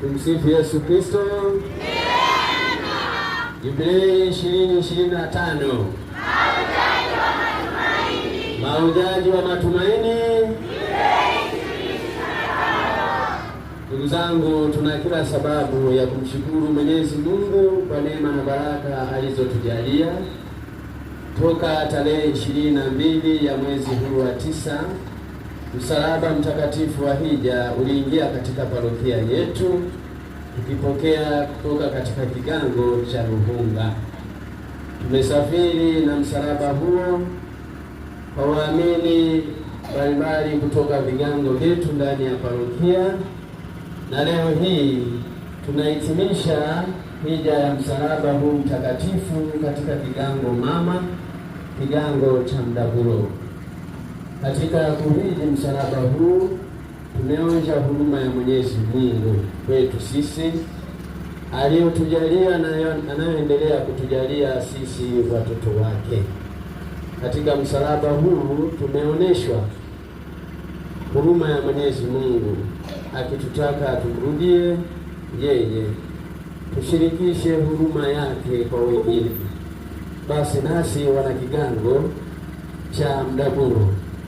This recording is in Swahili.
Tumsifu Yesu Kristo. Jubilei ishirini ishirini na tano maujaji wa matumaini. Ndugu zangu, tuna kila sababu ya kumshukuru Mwenyezi Mungu kwa neema na baraka alizotujalia toka tarehe ishirini na mbili ya mwezi huu wa tisa Msalaba mtakatifu wa hija uliingia katika parokia yetu tukipokea kutoka katika kigango cha Ruhunga. Tumesafiri na msalaba huo kwa waamini mbalimbali kutoka vigango vyetu ndani ya parokia, na leo hii tunahitimisha hija ya msalaba huu mtakatifu katika kigango mama, kigango cha Mdaburo. Katika kuridi msalaba huu tumeonja huruma ya Mwenyezi Mungu kwetu sisi aliyotujalia na anayoendelea kutujalia sisi watoto wake. Katika msalaba huu tumeoneshwa huruma ya Mwenyezi Mungu akitutaka tumrudie yeye, tushirikishe huruma yake kwa wengine. Basi nasi wana kigango cha mdaguro